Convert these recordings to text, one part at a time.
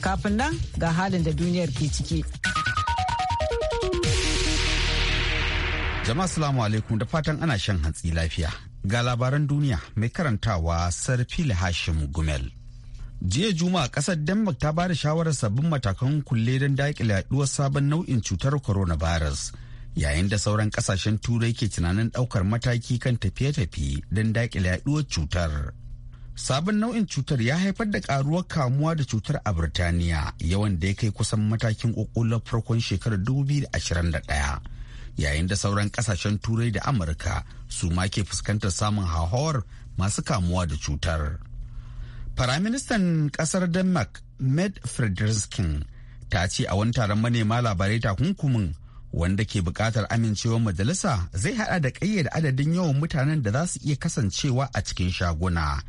Kafin nan ga halin da duniyar ke ciki. Jama'a salamu alaikum da fatan ana shan hantsi lafiya. Ga labaran duniya mai karantawa sarfi Hashim Gumel. Jiya Juma'a ƙasar Denmark ta bada shawarar sabbin matakan kulle don daƙile yaduwar sabon nau'in cutar coronavirus. Yayin da sauran ƙasashen turai ke tunanin ɗaukar mataki kan tafiye-tafiye don daƙile yaɗuwar cutar. sabon nau'in cutar ya haifar da karuwar kamuwa da cutar a Birtaniya yawan da ya kai kusan matakin kokolon farkon shekarar 2021 yayin da sauran kasashen turai da Amurka su ma ke fuskantar samun hauhawar masu kamuwa da cutar. Firaministan ƙasar Denmark Med Frederiksen ta ce a wani taron manema labarai takunkumin wanda ke buƙatar amincewar majalisa zai haɗa da ƙayyade adadin yawan mutanen da za su iya kasancewa a cikin shaguna.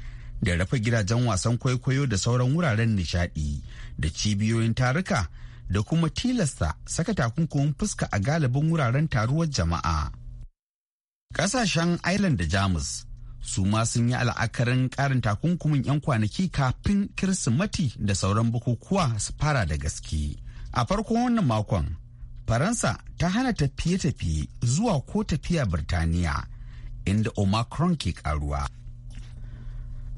da rafa gidajen wasan kwaikwayo da sauran wuraren nishadi da cibiyoyin taruka da kuma tilasta saka takunkumin fuska a galibin wuraren taruwar jama'a. Ƙasashen Ireland da Jamus su ma sun yi al'akarin ƙarin takunkumin 'yan kwanaki kafin Kirsimati da sauran bukukuwa su fara da gaske. A farkon wannan makon, Faransa ta hana tafiye-tafiye zuwa ko tafiya Birtaniya, inda Omicron ke karuwa.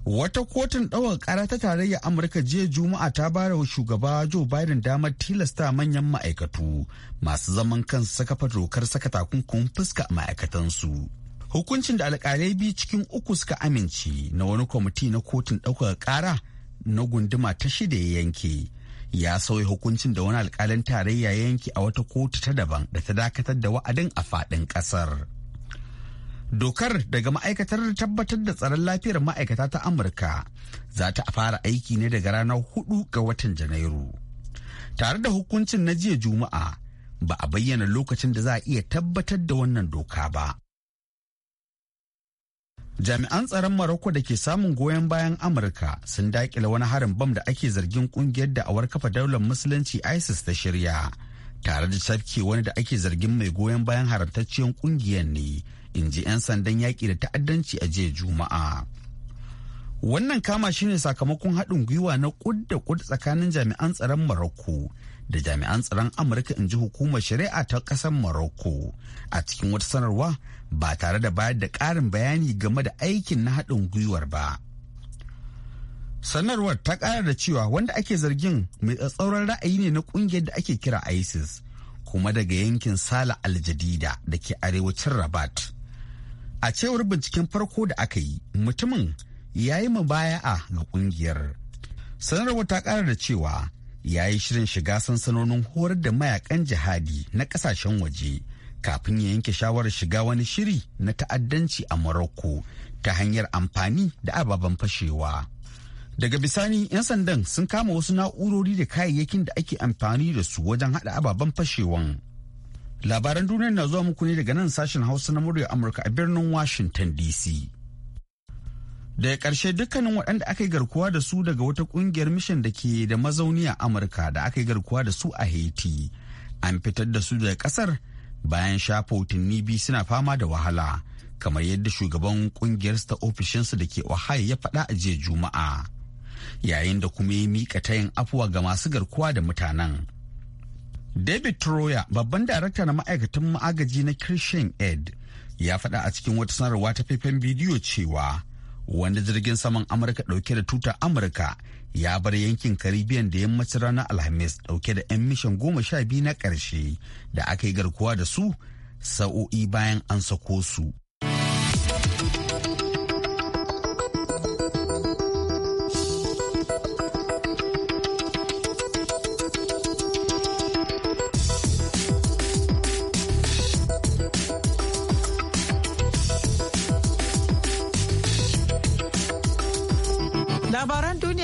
Wata kotun ɗaukar ƙara ta tarayya Amurka jiya Juma'a ta bara wa shugaba Joe Biden damar tilasta manyan ma'aikatu masu zaman kansu saka dokar saka takunkun fuska a ma'aikatansu. Hukuncin da alƙalai biyu cikin uku suka amince na wani kwamiti na kotun ɗaukar ƙara na gunduma ta shida ya yanke. Ya sauya hukuncin da wani alƙalin tarayya ya yanke a wata kotu ta daban da ta dakatar da wa'adin a faɗin ƙasar. Dokar daga ma'aikatar tabbatar da tsaron lafiyar ma'aikata ta Amurka za ta fara aiki ne daga ranar hudu ga watan Janairu. Tare da hukuncin na jiya Juma'a ba a bayyana lokacin da za a iya tabbatar da wannan doka ba. Jami'an tsaron Maroko da ke samun goyon bayan Amurka sun dakila wani harin bam da ake zargin kungiyar da awar kafa daular musulunci ISIS ta shirya. Tare da tafke wani da ake zargin mai goyon bayan haramtacciyar kungiyar ne in ji 'yan sandan yaƙi da ta'addanci a jiya juma'a wannan kama shine sakamakon haɗin gwiwa na kud da kud tsakanin jami'an tsaron maroko da jami'an tsaron amurka in ji hukumar shari'a ta ƙasar maroko a cikin wata sanarwa ba tare da bayar da ƙarin bayani game da aikin na haɗin gwiwar ba sanarwar ta ƙara da cewa wanda ake zargin mai tsatsauran ra'ayi ne na ƙungiyar da ake kira isis kuma daga yankin sala aljadida da ke arewacin rabat A cewar binciken farko da aka yi, mutumin ya yi a ga kungiyar. Sanarwar ta ƙara da cewa ya yi shirin shiga sansanonin horar da mayakan jihadi na ƙasashen waje kafin ya yanke shawarar shiga wani shiri na ta'addanci a Morocco ta hanyar amfani da ababen fashewa. Daga bisani 'yan sandan sun kama wasu na'urori da kayayyakin da ake amfani da su wajen haɗa ababen fashewan. Labaran duniya na zuwa muku ne daga nan sashen Hausa na murya Amurka a birnin Washington DC. Daga ƙarshe dukkanin waɗanda aka yi garkuwa da su daga wata ƙungiyar mishan da ke da mazauni a Amurka da aka yi garkuwa da su a Haiti. An fitar da su daga ƙasar bayan shafa watanni biyu suna fama da wahala. kamar yadda shugaban ƙungiyar ta ofishinsu da ke Ohio ya faɗa a jiya Juma'a. Yayin da kuma ya miƙa tayin afuwa ga masu garkuwa da mutanen. David Troyer, babban darakta na ma'aikatan ma'agaji na Christian ED ya faɗa a cikin wata sanarwa ta faifan bidiyo cewa wanda jirgin saman Amurka ɗauke da tutar Amurka ya bar yankin Caribbean da yammacin ranar Alhamis ɗauke da 'yan mishan goma sha biyu na ƙarshe da aka yi garkuwa da su sa'o'i bayan an sako su.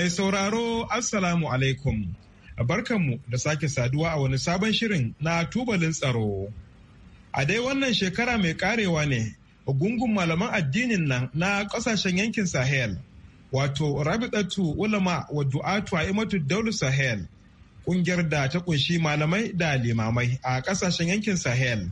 Mai sauraro Assalamu alaikum. Barkanmu da sake saduwa a wani sabon shirin na tubalin tsaro. A dai wannan shekara mai karewa ne gungun malaman addinin nan na kasashen yankin Sahel, wato Rabitatu Ulama wa Du'atu a Imatu Daulu Sahel, kungiyar da ta kunshi malamai da limamai a kasashen yankin Sahel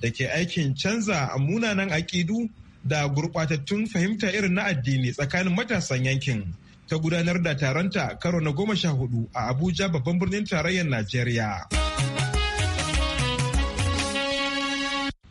da ke aikin canza munanan aƙidu da gurɓatattun fahimta irin na addini tsakanin matasan yankin. ta gudanar da taronta karo na goma sha hudu a Abuja babban birnin tarayyar Najeriya.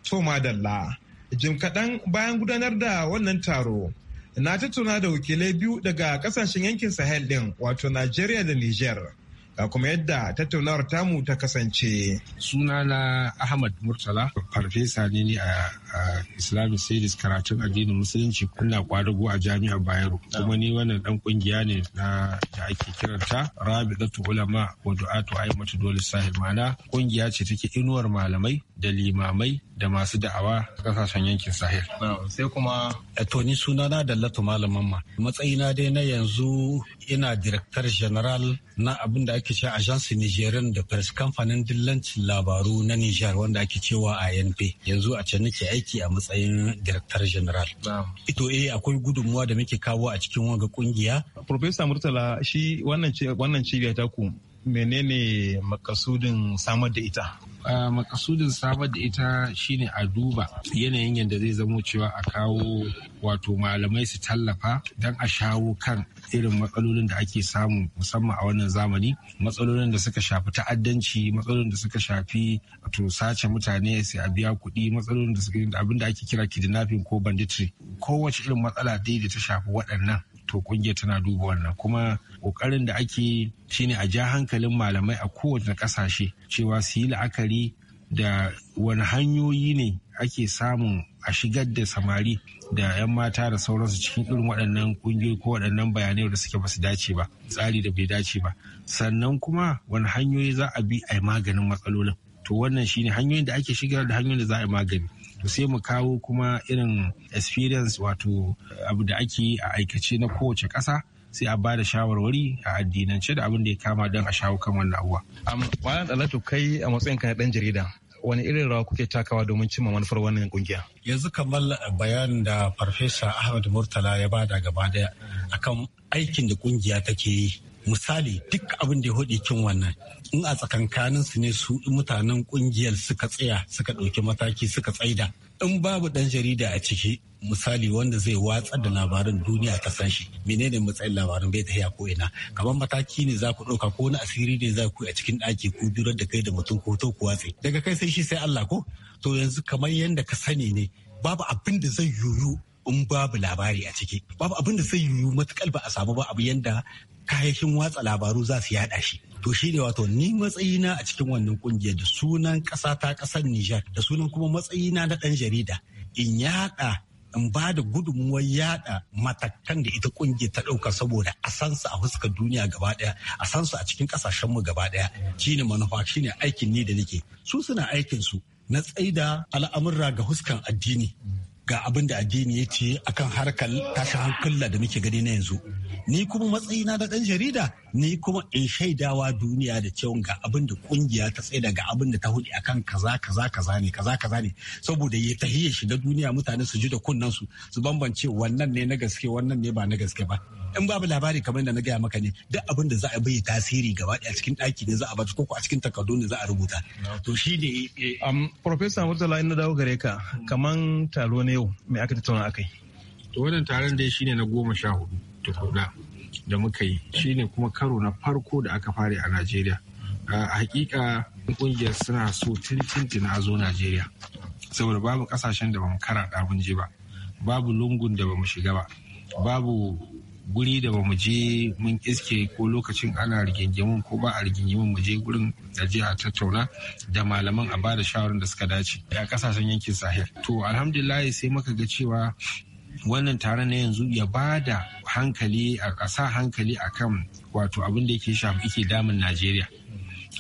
Toma Dalla, jim kaɗan bayan gudanar da wannan taro, na tattauna da wakilai biyu daga ƙasashen yankin Sahel ɗin wato Najeriya da Niger. ga kuma yadda tattaunawar tamu ta kasance. Suna na Ahmad Murtala, farfesa ne ne a Islamic Studies karatun addinin Musulunci kuna kwadugo a jami'ar Bayero. Kuma ni wannan dan kungiya ne da ake kiranta Rabi'atu Ulama wa Du'atu Aimatu Dole Sahil Mana kungiya ce take inuwar malamai da limamai da masu da'awa kasashen yankin Sahel. Sai kuma eh, suna na da Latu Malaman ma. Matsayina dai na yanzu ina Director General na abin da ake ake cewa agence da press kamfanin dillancin labaru na niger wanda ake cewa inp yanzu a can nake aiki a matsayin director general ito eh akwai gudunmuwa da muke kawo a cikin wanga kungiya professor murtala shi wannan cibiyar ku. menene makasudin samar da ita makasudin samar da ita shine a duba yanayin yadda zai zamo cewa a kawo wato malamai su tallafa don a shawo kan irin matsalolin da ake samu musamman a wannan zamani matsalolin da suka shafi ta'addanci matsalolin da suka shafi to sace mutane sai a biya kuɗi matsalolin da suka abin da ake kira kidnapping ko banditry kowace irin matsala dai da ta shafi waɗannan to kungiyar tana duba wannan kuma kokarin da ake shine a ja hankalin malamai a kowace kasashe cewa su yi la'akari da wani hanyoyi ne ake samun a shigar da samari da 'yan mata da sauransu cikin irin waɗannan ƙungiyoyi ko waɗannan bayanai da suke ba su dace ba tsari da bai dace ba sannan kuma wani hanyoyi za a bi a yi maganin matsalolin to wannan shine hanyoyin da ake shigar da hanyoyin da za a yi magani to sai mu kawo kuma irin experience wato abu da ake yi a aikace na kowace ƙasa sai a ba da shawarwari a addinance da abin da ya kama don a shawo kan wannan abuwa. Malam Dalatu kai a matsayin ka ɗan jarida wani irin rawa kuke takawa domin cimma manufar wannan kungiya yanzu kamar bayanin da farfesa ahmad murtala ya bada gaba daya akan aikin da kungiya take yi misali duk abin da ya hudi kin wannan in a tsakankanin ne su mutanen kungiyar suka tsaya suka ɗauki mataki suka tsaida in babu ɗan jarida a ciki misali wanda zai watsa da labarin duniya ta san shi menene matsayin labarin bai tafiya ko ina kamar mataki ne za ku ɗauka ko wani asiri ne za ku a cikin ɗaki ku birar da kai da mutum ko to ku watse daga kai sai shi sai Allah ko to yanzu kamar yadda ka sani ne babu abin da zai yuyu. in babu labari a ciki babu abin da zai yiwu matukar ba a samu ba abu yadda kayayyakin watsa labaru za su yada shi to shi ne wato ni matsayina a cikin wannan kungiyar da sunan ƙasa ta ƙasar Nijar da sunan kuma matsayina na ɗan jarida in yada in ba da gudunmuwar yada matakan da ita kungiyar ta ɗauka saboda a san su a fuskar duniya gaba ɗaya a san su a cikin ƙasashenmu mu gaba ɗaya shine manufa shine aikin ni da nake su suna aikin su na tsaida al'amurra ga huskan addini ga abin da addini ya ce akan harkar tashin hankula da muke gani na yanzu ni kuma matsayina na ɗan jarida ni kuma in shaidawa duniya da cewa ga abin da kungiya ta tsaye daga abin da ta hudu akan kaza kaza kaza ne kaza kaza ne saboda ya tahi shi da duniya mutane su ji da kunnen su su bambance wannan ne na gaske wannan ne ba na gaske ba in babu labari kamar da na gaya maka ne duk abin da za a bai tasiri gaba a cikin ɗaki ne za a bata koko a cikin takardu ne za a rubuta to shi ne eh, professor murtala in na dawo gare ka kaman taro ne yau me aka tattauna akai to wannan taron dai shine na goma sha hudu tukuna da muka yi shine kuma karo na farko da aka fare a najeriya a hakika ƙungiyar suna so tintintin a zo najeriya saboda babu kasashen da bamu kara mun je ba babu lungun da mu shiga ba babu guri da bamu je mun iske ko lokacin ana rigingimin ko ba a rigingimin mu je gurin da je a tattauna da malaman a bada shawarar da suka dace a kasashen yankin sahel to alhamdulillah sai muka ga cewa wannan taron na yanzu ya ba da hankali a ƙasa hankali a kan wato abin da yake shafi ke damun najeriya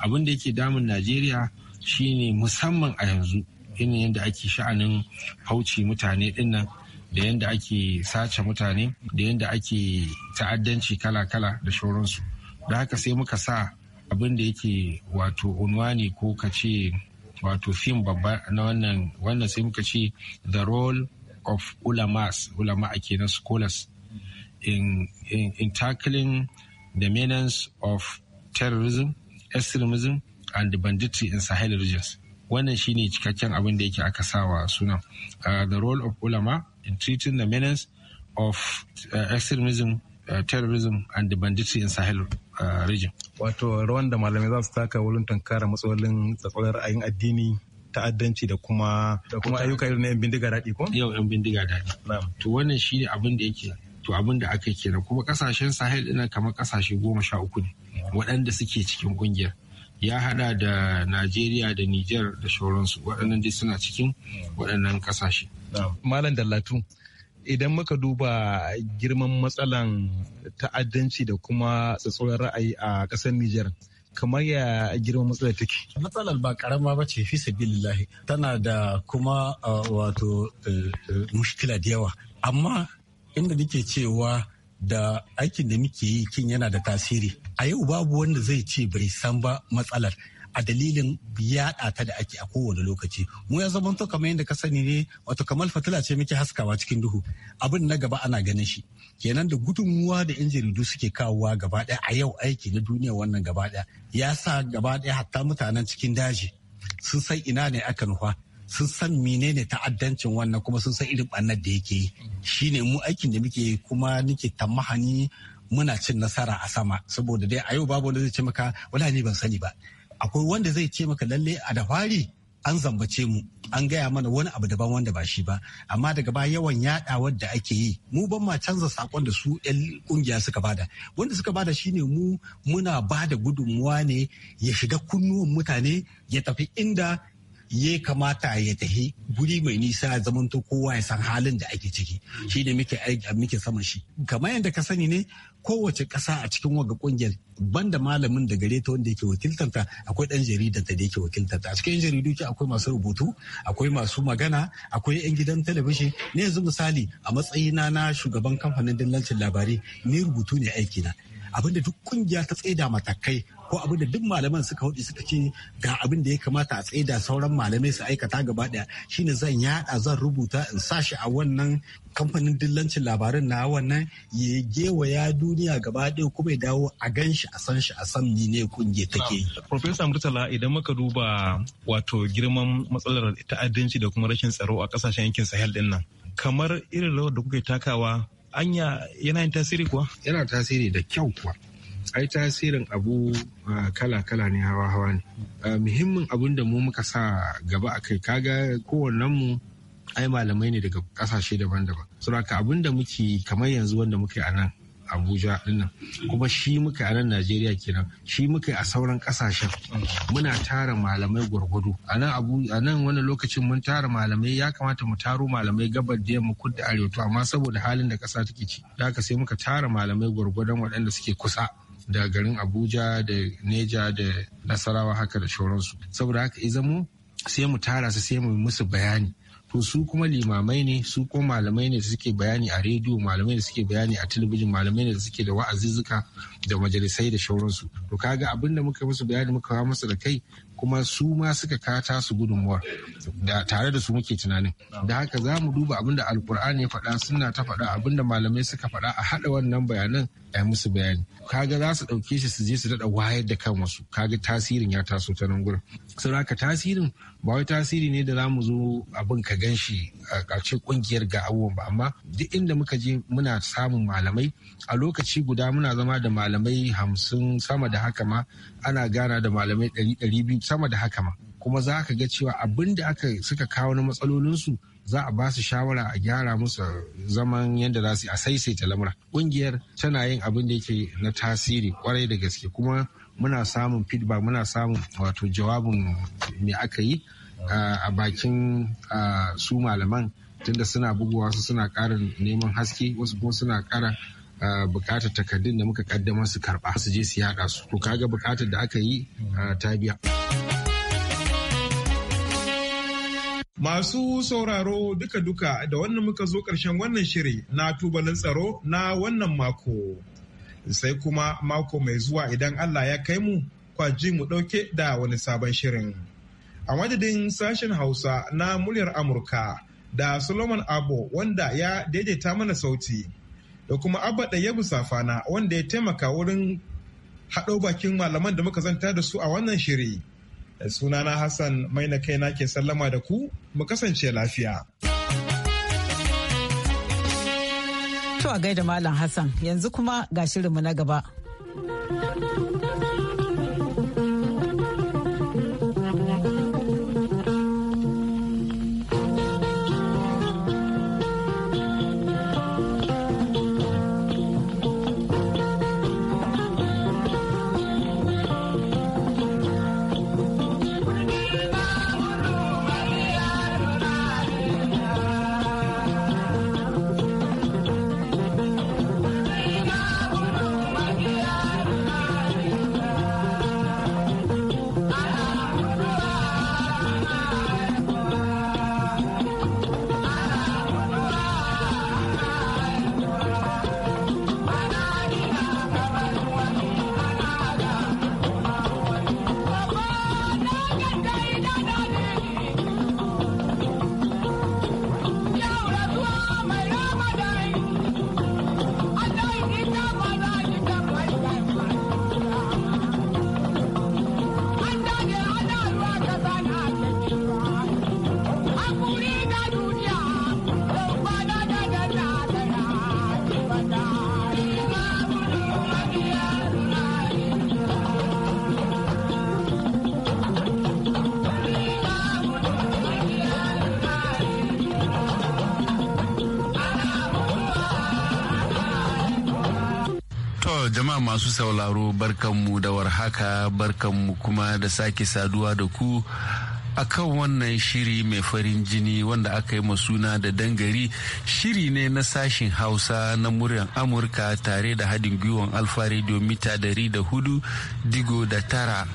abin da yake damun najeriya shine musamman a yanzu irin yadda ake sha'anin hauci mutane dinnan da yadda ake sace mutane da yadda ake ta'addanci kala-kala da shauransu da haka sai muka sa abin da yake wato unwani ko ka ce wato fim babba na wannan wannan sai muka ce the role of ulamas, ulama ake na scholars in, in, in tackling the menace of terrorism, extremism and banditry in Sahel regions. Wannan shine cikakken abin da yake aka sawa suna. Uh, the role of ulama in treating the menace of uh, extremism, uh, terrorism and banditry in Sahel uh, region. Wato rawan da malamai za su taka wurin tankara matsalolin tsatsalar ra'ayin addini ta'addanci da kuma da kuma ayyuka irin na yan bindiga daɗi ko yau yan bindiga daɗi to wannan ne abin da yake to abin da aka kira kuma kasashen sahel ɗin kamar kasashe goma sha uku ne waɗanda suke cikin kungiyar ya hada da Najeriya da Nijar da shauransu waɗannan dai suna cikin waɗannan ƙasashe. Malam Dallatu, idan muka duba girman matsalan ta'addanci da kuma tsatsauran ra'ayi a ƙasar Nijar, kamar ya girma matsalar take matsalar ba karama ba ce fi sabilillahi tana da kuma wato e, e, mushkila da yawa amma inda nake cewa da aikin da muke yi kin yana da tasiri a yau babu wanda zai ce bai san ba matsalar a dalilin yaɗa ta da ake a kowane lokaci mu ya zama to kamar yadda ka sani ne wato kamar fatila ce muke haskawa cikin duhu abin na gaba ana ganin shi kenan da gudunmuwa da yan jaridu suke kawowa gaba ɗaya a yau aiki na duniya wannan gaba ɗaya ya sa gaba ɗaya hatta mutanen cikin daji sun san ina ne aka nufa sun san menene ta'addancin wannan kuma sun san irin ɓannar da yake yi shi ne mu aikin da muke kuma nake tamahani muna cin nasara a sama saboda dai a yau babu wanda zai ce maka wala ni ban sani ba akwai wanda zai ce maka lalle a da fari an zambace mu an gaya mana wani abu daban wanda ba shi ba amma daga baya yawan yaɗa da ake yi mu ban ma canza sakon da su yan kungiya suka bada wanda suka bada shine mu muna bada gudunmuwa ne ya shiga kunnuwan mutane ya tafi inda ya kamata ya tahi guri mai nisa ya zamanto kowa ya san halin da ake ciki shi ne muke muke saman shi kamar yadda ka sani ne kowace ƙasa a cikin waga kungiyar banda malamin da gare ta wanda yake ta akwai ɗan jaridar da yake wakiltar ta. a cikin jaridu ke akwai masu rubutu akwai masu magana akwai 'yan gidan talabijin. ne yanzu misali a matsayina na shugaban kamfanin dillancin labarai ni rubutu ne aiki na. abinda duk kungiya ta tsaida matakai ko abinda duk malaman suka hudu suka ce ga abin da ya kamata a tsaida sauran malamai su aikata gaba daya shine zan yada zan rubuta in sashi a wannan kamfanin dillancin labarin na wannan ya gewaya duniya gaba daya kuma ya dawo a gan shi a san shi a san ni ne kungiya take Profesa Murtala idan muka duba wato girman matsalar ta'addanci da kuma rashin tsaro a kasashen yankin Sahel din nan kamar irin rawar da kuke takawa anya yana yin tasiri kuwa yana tasiri da kyau kuwa ai tasirin abu kala-kala ne hawa-hawa ne muhimmin abun da mu muka sa gaba a kai kaga kowannen mu ai malamai ne daga kasashe daban-daban saboda abun da muke kamar yanzu wanda muke a nan abuja dinnan kuma shi muka a nan najeriya kenan shi muka a sauran kasashen muna tara malamai gwargwado a nan wani lokacin mun tara malamai ya kamata mu taro malamai gabar da yamma kudda arewa to amma saboda halin da kasa take ci da ka sai muka tara malamai gwargwadon waɗanda suke kusa da garin abuja da neja da nasarawa haka da shauransu saboda haka izamu sai mu tara su sai mu musu bayani to su kuma limamai ne su kuma malamai ne da suke bayani a rediyo malamai da suke bayani a talabijin malamai ne da suke da wa'azizuka da majalisai da shauransu to kaga abin da muka musu bayani muka wa musu da kai kuma su ma suka kata su gudunmuwa da tare da su muke tunanin da haka za mu duba abin da alkur'ani ya faɗa suna ta faɗa abin da malamai suka faɗa a haɗa wannan bayanan a musu bayani kaga za su ɗauke shi su je su daɗa wayar da kan wasu kaga tasirin ya taso ta nan gurin haka tasirin ba wai tasiri ne da za mu zo abin ka gan shi a ƙarshe ƙungiyar ga abubuwan ba amma duk inda muka je muna samun malamai a lokaci guda muna zama da malamai hamsin sama da haka ma ana gana da malamai ɗari ɗari biyu sama da haka ma kuma za ka ga cewa abin da aka suka kawo na matsalolinsu za a ba su shawara a gyara musu zaman yadda za su a saisaita lamura ƙungiyar tana yin abin da yake na tasiri kwarai da gaske kuma muna samun feedback muna samun wato jawabin me aka yi ah, a bakin ah, su malaman tunda suna bugowa su suna karin neman haske wasu kuma suna kara ah, bukatar takardun da muka kaddamar su karba su je su yada su to kaga bukatar da aka yi ta biya. Masu sauraro duka-duka da wannan muka zo ƙarshen wannan shiri na tubalin tsaro na wannan mako. Sai kuma mako mai zuwa idan Allah ya kai mu kwaji mu ɗauke da wani sabon shirin. A madadin sashen Hausa na muryar Amurka da Solomon Abo wanda ya daidaita mana sauti da kuma Abba Ɗayyabu Safana wanda ya taimaka wurin haɗo bakin malaman da muka zanta da su a wannan shiri. sunana hassan mai na kaina ke sallama da ku mu kasance lafiya to a gaida malam hassan yanzu kuma ga shirinmu na gaba Jama'a masu sauraro barkanmu da warhaka barkanmu kuma da sake saduwa da ku a kan wannan shiri mai farin jini wanda aka yi suna da dangari shiri ne na sashin hausa na muryan amurka tare da haɗin gwiwan alfa radio mita dari da hudu digo da tara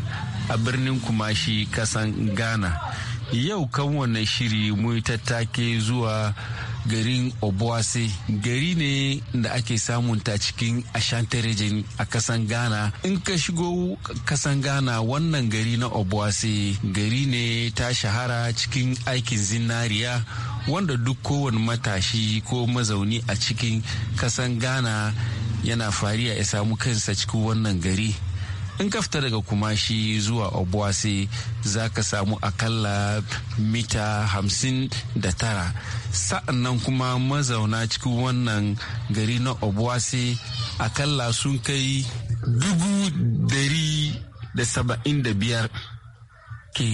a birnin kumashi kasan ghana yau kan wannan shiri mu tattake zuwa garin obwase gari ne da ake samun ta cikin ashanti region a kasan ghana in ka shigo kasan ghana wannan gari na obwase gari ne ta shahara cikin aikin zinariya wanda duk kowane matashi ko mazauni a cikin kasan ghana yana fariya ya samu kansa cikin wannan gari in ka fita daga kumashi zuwa obuasi za ka samu akalla mita hamsin da tara sa'annan kuma mazauna cikin wannan gari na obuasi akalla sun kai dubu dari da saba'in da biyar ke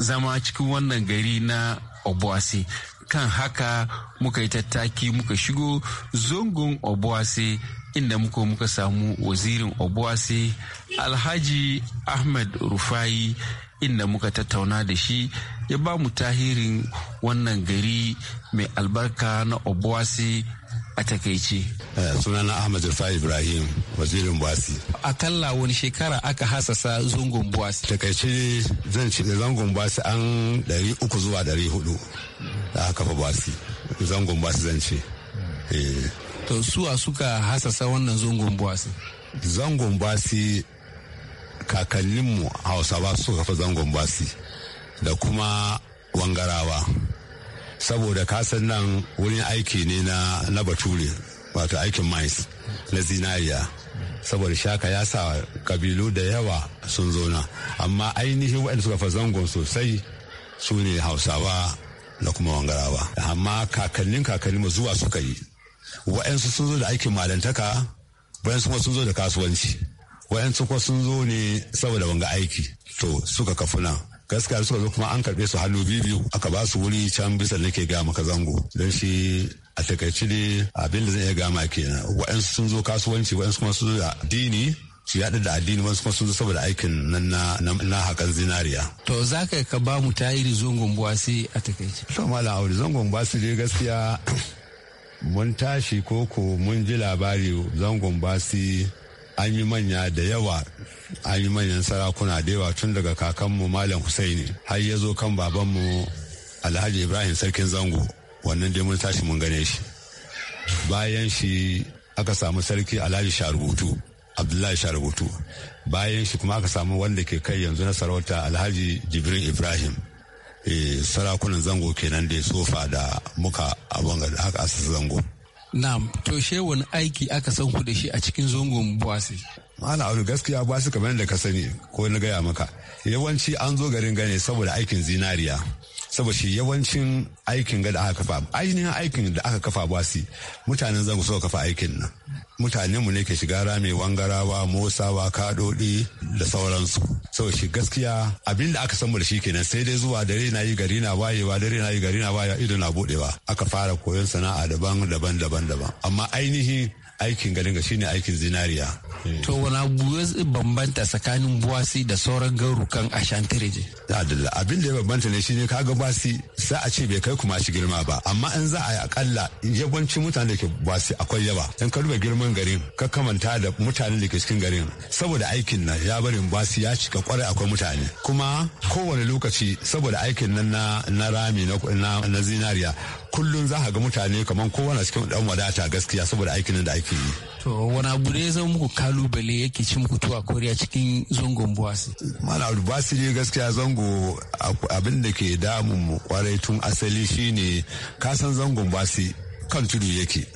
zama cikin wannan gari na obuasi kan haka muka yi tattaki muka shigo zongon obuasi inda muka muka samu wazirin obuasi alhaji ahmed rufai inda muka tattauna da shi ya ba mu tahirin wannan gari mai albarka na obuasi a takaice. Suna eh, sunana ahmad rufai ibrahim wazirin buwasi akalla wani shekara aka hasasa zungun buwasi takaice zan ce da zangon buwasi an 300 zuwa 400 da aka fa buwasi zangon buwasi zan ce eh, to suwa suka hasasa wannan zangon buwasi zangon buwasi kakanninmu hausawa suka fa zangon buwasi da kuma wangarawa saboda kasan nan wurin aiki ne na na bature wato aikin mais na zinariya saboda shaka ya sa kabilu da yawa sun zona amma ainihin waɗanda suka fa zangon sosai su ne hausawa da kuma wangarawa amma kakannin kakanninmu zuwa suka yi wa'yansu sun zo da aikin malantaka wa'yansu kuma sun zo da kasuwanci wa'yansu kuma sun zo ne saboda wanga aiki to suka kafuna gaskiya suka zo kuma an karɓe su hannu biyu aka ba su wuri can bisa nake gama maka zango don shi a takaici ne abin da zan iya gama kenan wa'yansu sun zo kasuwanci wa'yansu kuma sun zo da addini su yaɗa da addini wasu kuma sun zo saboda aikin nan na na hakan zinariya. To za ka ka ba mu tayiri zongon buwasi a takaici. To malam aure zongon buwasi dai gaskiya mun tashi koko mun ji labari zangon basi an yi manya da yawa an yi manyan sarakuna da yawa tun daga kakanmu malam husaini har ya zo kan babanmu alhaji ibrahim sarkin zango wannan dai mun tashi mun gane shi bayan shi aka samu sarki alhaji sharubutu abdullahi sharubutu bayan shi kuma aka samu wanda ke kai yanzu na sarauta alhaji jibrin ibrahim Eh, sarakunan zango kenan da sofa da muka abin da haka asa zango. Na'am, to she wani aiki aka san ku da shi a cikin zangon Buwasi? Mala Audu gaskiya Buwasi kamar yadda ka sani ko na gaya maka. Yawanci an zo garin gane saboda aikin zinariya. saboda shi yawancin aikin ga da aka kafa ainihin aikin da aka kafa basi mutanen zango suka kafa aikin nan mu ne ke shiga rami wangarawa motsawa kaɗoɗi da sauransu so shi gaskiya abin da aka san samu da shi kenan sai dai zuwa dare na yi gari na wayewa dare na yi gari na wayewa ido na budewa aka fara koyon sana'a daban daban daban daban amma ainihi. aikin garin ga shine aikin zinariya to wani abu bambanta tsakanin buwasi da sauran garukan ashantireje adalla abin da ya bambanta ne shine kaga buwasi sai a ce bai kai kuma shi girma ba amma in za a yi akalla yawanci mutane da ke buwasi akwai yawa in ka duba girman garin ka kamanta da mutanen da ke cikin garin saboda aikin nan ya barin buwasi ya cika kwarai akwai mutane kuma kowane lokaci saboda aikin nan na rami na zinariya kullum za ka ga mutane kamar kowa na cikin dan wadata gaskiya saboda aikin da ake yi to wani abu ne zan muku kalubale yake ci muku tuwa koriya cikin zangon buwasi mana buwasi ne gaskiya zango abin da ke damun mu kwarai tun asali shine kasan zangon buwasi kan tudu yake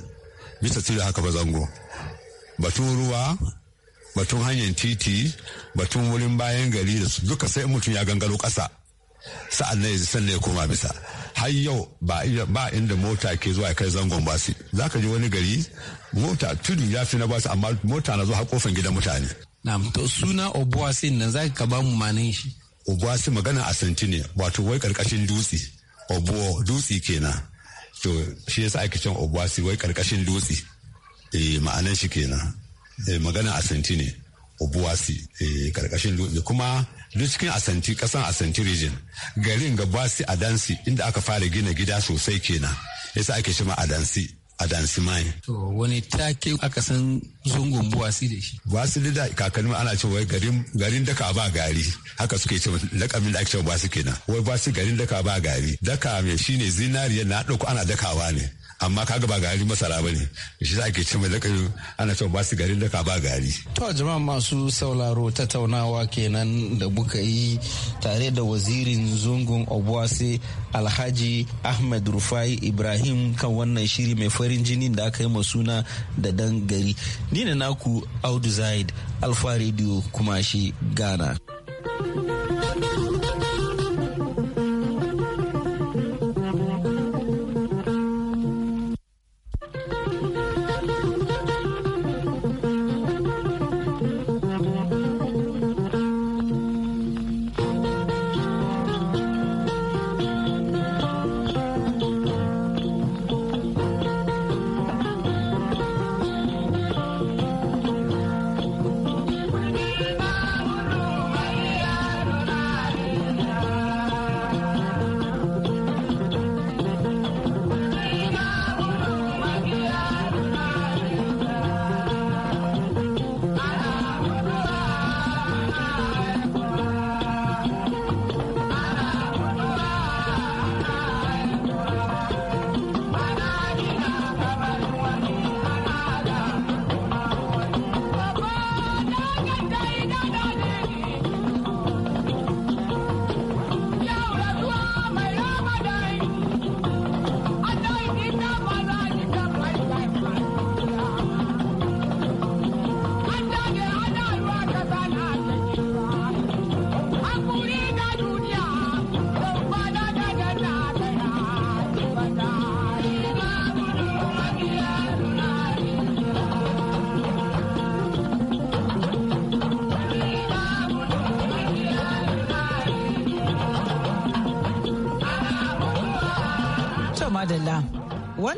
bisa tudu haka ba zango batun ruwa batun hanyar titi batun wurin bayan gari da su duka sai mutum ya gangaro ƙasa sa'an nan ya koma bisa har yau ba inda mota ke zuwa kai zangon basi ka ji wani gari mota tudu ya fi na basi amma mota na zo har kofan gidan mutane na to suna obuasin nan za ka ba mu manin shi obuasi magana asanti ne wato wai karkashin dutse obuo dutse kenan to shi yasa ake cin obuasi wai karkashin dutse eh ma'anan shi kenan eh, magana asanti ne obuasi eh karkashin dutse kuma duk cikin asanti kasan asanti region garin gabasi adansi inda aka fara gina gida sosai kenan yasa ake shima adansi adansi mai to wani take aka san zungun buwasi da shi buwasi da kakanni ana ce wai garin garin daka ba gari haka suke ce lakamin da ake ce buwasi kenan wai buwasi garin daka ba gari daka mai shine zinariya na dauko ana dakawa ne amma ka ga ba gari masara ba ne shi za ke ce mai da ana cewa ba su gari da ka ba gari to jama'a masu sauraro tattaunawa kenan da muka yi tare da wazirin zungun obuase alhaji ahmed rufai ibrahim kan wannan shiri mai farin jini da aka yi ma suna da dan gari ni ne naku audu zaid alfa radio kuma shi ghana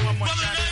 one more shot.